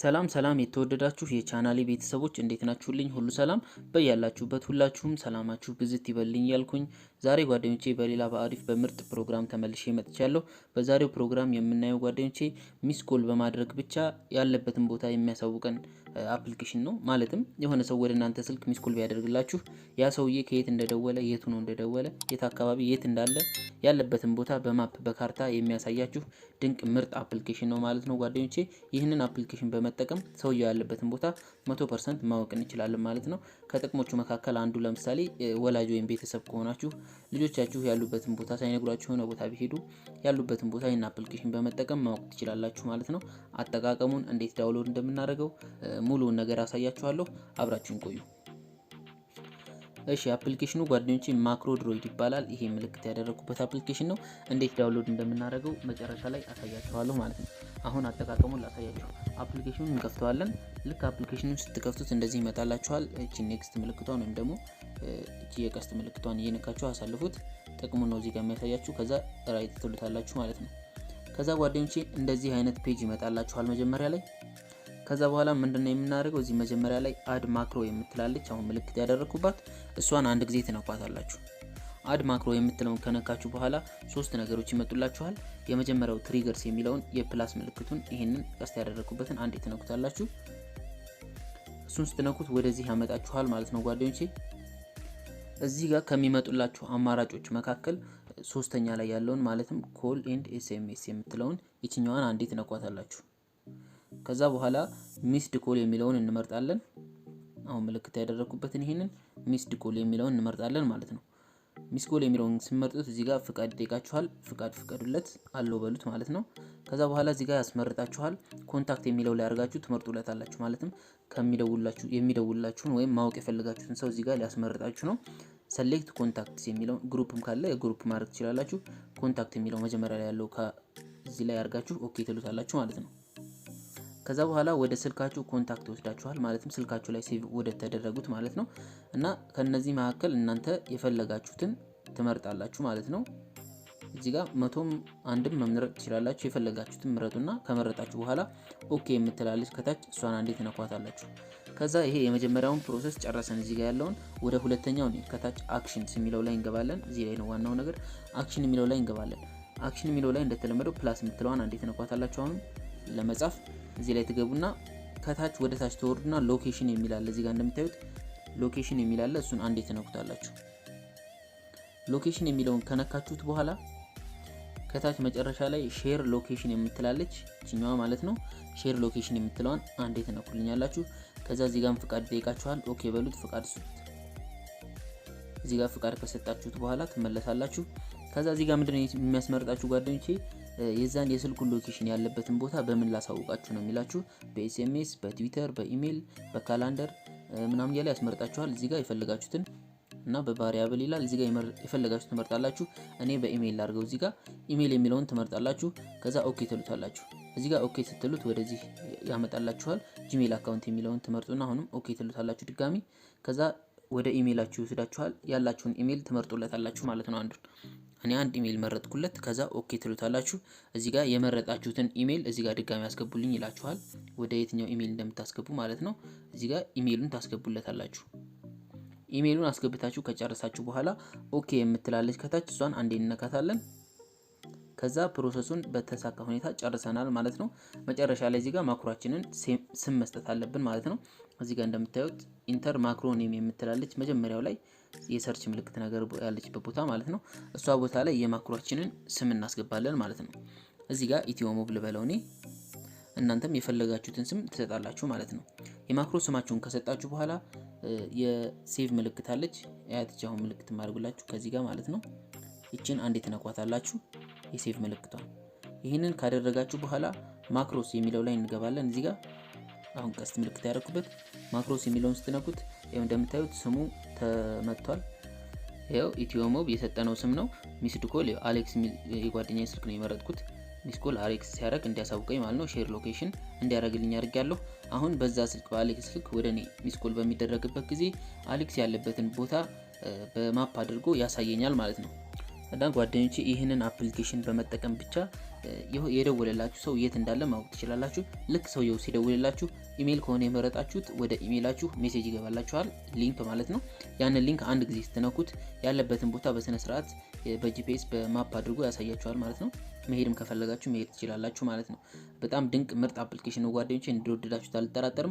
ሰላም ሰላም የተወደዳችሁ የቻናሌ ቤተሰቦች እንዴት ናችሁልኝ? ሁሉ ሰላም በያላችሁበት ሁላችሁም ሰላማችሁ ብዝት ይበልኝ ያልኩኝ ዛሬ ጓደኞቼ በሌላ በአሪፍ በምርጥ ፕሮግራም ተመልሼ መጥቻለሁ። በዛሬው ፕሮግራም የምናየው ጓደኞቼ ሚስ ኮል በማድረግ ብቻ ያለበትን ቦታ የሚያሳውቀን አፕሊኬሽን ነው። ማለትም የሆነ ሰው ወደ እናንተ ስልክ ሚስ ኮል ቢያደርግላችሁ ያ ሰውዬ ከየት እንደደወለ፣ የቱ ነው እንደደወለ፣ የት አካባቢ የት እንዳለ ያለበትን ቦታ በማፕ በካርታ የሚያሳያችሁ ድንቅ ምርጥ አፕሊኬሽን ነው ማለት ነው ጓደኞቼ ይህንን አፕሊኬሽን በመ በመጠቀም ሰውየው ያለበትን ቦታ መቶ ፐርሰንት ማወቅ እንችላለን ማለት ነው። ከጥቅሞቹ መካከል አንዱ ለምሳሌ ወላጅ ወይም ቤተሰብ ከሆናችሁ ልጆቻችሁ ያሉበትን ቦታ ሳይነግሯችሁ የሆነ ቦታ ቢሄዱ ያሉበትን ቦታ ይህን አፕሊኬሽን በመጠቀም ማወቅ ትችላላችሁ ማለት ነው። አጠቃቀሙን እንዴት ዳውንሎድ እንደምናደርገው ሙሉውን ነገር አሳያችኋለሁ። አብራችሁን ቆዩ። እሺ አፕሊኬሽኑ ጓደኞቼ ማክሮ ድሮይድ ይባላል። ይሄ ምልክት ያደረግኩበት አፕሊኬሽን ነው። እንዴት ዳውንሎድ እንደምናደርገው መጨረሻ ላይ አሳያችኋለሁ ማለት ነው። አሁን አጠቃቀሙን ላሳያችሁ። አፕሊኬሽኑን እንከፍተዋለን። ልክ አፕሊኬሽኑን ስትከፍቱት እንደዚህ ይመጣላችኋል። እቺ ኔክስት ምልክቷን ወይም ደግሞ እቺ የቀስት ምልክቷን እየነካችሁ አሳልፉት። ጥቅሙ ነው እዚህ ጋር የሚያሳያችሁ። ከዛ ራይት ትሉታላችሁ ማለት ነው። ከዛ ጓደኞቼ እንደዚህ አይነት ፔጅ ይመጣላችኋል መጀመሪያ ላይ ከዛ በኋላ ምንድነው የምናደርገው? እዚህ መጀመሪያ ላይ አድ ማክሮ የምትላለች አሁን ምልክት ያደረግኩባት እሷን አንድ ጊዜ ትነኳታላችሁ። አድ ማክሮ የምትለውን ከነካችሁ በኋላ ሶስት ነገሮች ይመጡላችኋል። የመጀመሪያው ትሪገርስ የሚለውን የፕላስ ምልክቱን ይህንን ቀስት ያደረግኩበትን አንድ ትነኩታላችሁ። እሱን ስትነኩት ወደዚህ ያመጣችኋል ማለት ነው ጓደኞቼ። እዚህ ጋር ከሚመጡላችሁ አማራጮች መካከል ሶስተኛ ላይ ያለውን ማለትም ኮል ኤንድ ኤስኤምኤስ የምትለውን ይችኛዋን አንዴት ትነኳታላችሁ። ከዛ በኋላ ሚስድ ኮል የሚለውን እንመርጣለን። አሁን ምልክት ያደረግኩበትን ይሄንን ሚስድ ኮል የሚለውን እንመርጣለን ማለት ነው። ሚስ ኮል የሚለውን ስመርጡት እዚህ ጋር ፍቃድ ይጠይቃችኋል። ፍቃድ ፍቀዱለት አለው በሉት ማለት ነው። ከዛ በኋላ እዚህ ጋር ያስመርጣችኋል። ኮንታክት የሚለው ላይ አድርጋችሁ ትመርጡለት አላችሁ ማለትም ከሚደውላችሁ የሚደውላችሁን ወይም ማወቅ የፈለጋችሁትን ሰው እዚህ ጋር ሊያስመርጣችሁ ነው። ሰሌክት ኮንታክትስ የሚለው ግሩፕም ካለ የግሩፕ ማድረግ ትችላላችሁ። ኮንታክት የሚለው መጀመሪያ ላይ ያለው ከዚህ ላይ አድርጋችሁ ኦኬ ትሉታላችሁ ማለት ነው። ከዛ በኋላ ወደ ስልካችሁ ኮንታክት ይወስዳችኋል ማለትም ስልካችሁ ላይ ሴቭ ወደ ተደረጉት ማለት ነው እና ከነዚህ መካከል እናንተ የፈለጋችሁትን ትመርጣላችሁ ማለት ነው። እዚህ ጋር መቶም አንድም መምረጥ ትችላላችሁ። የፈለጋችሁትን ምረጡና ከመረጣችሁ በኋላ ኦኬ የምትላለች ከታች እሷን አንዴ ትነኳታላችሁ። ከዛ ይሄ የመጀመሪያውን ፕሮሰስ ጨረሰን። እዚህ ጋር ያለውን ወደ ሁለተኛው ከታች አክሽንስ የሚለው ላይ እንገባለን። እዚህ ላይ ነው ዋናው ነገር። አክሽን የሚለው ላይ እንገባለን። አክሽን የሚለው ላይ እንደተለመደው ፕላስ የምትለዋን አንዴ ትነኳታላችሁ አሁንም ለመጻፍ እዚህ ላይ ትገቡና ከታች ወደ ታች ተወርዱና ሎኬሽን የሚላለ እዚህ ጋር እንደምታዩት ሎኬሽን የሚላለ እሱን አንዴ ትነኩታላችሁ። ሎኬሽን የሚለውን ከነካችሁት በኋላ ከታች መጨረሻ ላይ ሼር ሎኬሽን የምትላለች እችኛዋ ማለት ነው። ሼር ሎኬሽን የምትለዋን አንዴ ትነኩልኛላችሁ። ከዛ እዚህ ጋር ፍቃድ ይጠይቃችኋል። ኦኬ በሉት፣ ፍቃድ ስጡት። እዚህ ጋር ፍቃድ ከሰጣችሁት በኋላ ትመለሳላችሁ። ከዛ እዚህ ጋር ምንድነው የሚያስመርጣችሁ ጓደኞቼ የዛን የስልኩን ሎኬሽን ያለበትን ቦታ በምን ላሳውቃችሁ ነው የሚላችሁ። በኤስኤምኤስ፣ በትዊተር፣ በኢሜይል፣ በካላንደር ምናምን ያለ ያስመርጣችኋል። እዚህ ጋር የፈለጋችሁትን እና በቫሪያብል ይላል እዚህ ጋር የፈለጋችሁ ትመርጣላችሁ። እኔ በኢሜይል ላድርገው። እዚህ ጋር ኢሜይል የሚለውን ትመርጣላችሁ። ከዛ ኦኬ ትሉታላችሁ። እዚህ ጋር ኦኬ ስትሉት ወደዚህ ያመጣላችኋል። ጂሜል አካውንት የሚለውን ትመርጡና አሁንም ኦኬ ትሉታላችሁ ድጋሚ። ከዛ ወደ ኢሜይላችሁ ይወስዳችኋል። ያላችሁን ኢሜይል ትመርጡለታላችሁ ማለት ነው አንዱን እኔ አንድ ኢሜል መረጥኩለት። ከዛ ኦኬ ትሉታላችሁ። እዚህ ጋር የመረጣችሁትን ኢሜል እዚህ ጋር ድጋሚ አስገቡልኝ ይላችኋል። ወደ የትኛው ኢሜል እንደምታስገቡ ማለት ነው። እዚህ ጋር ኢሜሉን ታስገቡለታላችሁ። ኢሜሉን አስገብታችሁ ከጨረሳችሁ በኋላ ኦኬ የምትላለች ከታች እሷን አንዴ እንነካታለን። ከዛ ፕሮሰሱን በተሳካ ሁኔታ ጨርሰናል ማለት ነው። መጨረሻ ላይ እዚጋ ማክሮችንን ስም መስጠት አለብን ማለት ነው። እዚጋ እንደምታዩት ኢንተር ማክሮ ኔም የምትላለች መጀመሪያው ላይ የሰርች ምልክት ነገር ያለችበት ቦታ ማለት ነው። እሷ ቦታ ላይ የማክሯችንን ስም እናስገባለን ማለት ነው። እዚህ ጋር ኢትዮ ልበለው እኔ። እናንተም የፈለጋችሁትን ስም ትሰጣላችሁ ማለት ነው። የማክሮ ስማችሁን ከሰጣችሁ በኋላ የሴቭ ምልክት አለች። ያትቻሁን ምልክት ማድርጉላችሁ ከዚህ ጋር ማለት ነው። ይችን አንዴ ትነኳታላችሁ፣ የሴቭ ምልክቷን። ይህንን ካደረጋችሁ በኋላ ማክሮስ የሚለው ላይ እንገባለን። እዚህ ጋር አሁን ቀስት ምልክት ያደረኩበት ማክሮስ የሚለውን ስትነኩት ይኸው እንደምታዩት ስሙ ተመቷል። ይኸው ኢትዮሞብ የሰጠነው ስም ነው። ሚስድ ኮል አሌክስ የጓደኛ ስልክ ነው የመረጥኩት። ሚስ ኮል አሌክስ ሲያደርግ እንዲያሳውቀኝ ማለት ነው። ሼር ሎኬሽን እንዲያደርግልኝ አድርጊያለሁ። አሁን በዛ ስልክ በአሌክስ ስልክ ወደ እኔ ሚስ ኮል በሚደረግበት ጊዜ አሌክስ ያለበትን ቦታ በማፕ አድርጎ ያሳየኛል ማለት ነው እና ጓደኞቼ ይህንን አፕሊኬሽን በመጠቀም ብቻ የደወለላችሁ ሰው የት እንዳለ ማወቅ ትችላላችሁ። ልክ ሰውየው ሲደውልላችሁ ኢሜይል ከሆነ የመረጣችሁት ወደ ኢሜይላችሁ ሜሴጅ ይገባላችኋል፣ ሊንክ ማለት ነው። ያንን ሊንክ አንድ ጊዜ ስትነኩት ያለበትን ቦታ በስነስርዓት በጂፒኤስ በማፕ አድርጎ ያሳያችኋል ማለት ነው። መሄድም ከፈለጋችሁ መሄድ ትችላላችሁ ማለት ነው። በጣም ድንቅ ምርጥ አፕሊኬሽን ነው ጓደኞች፣ እንደወደዳችሁት አልጠራጠርም።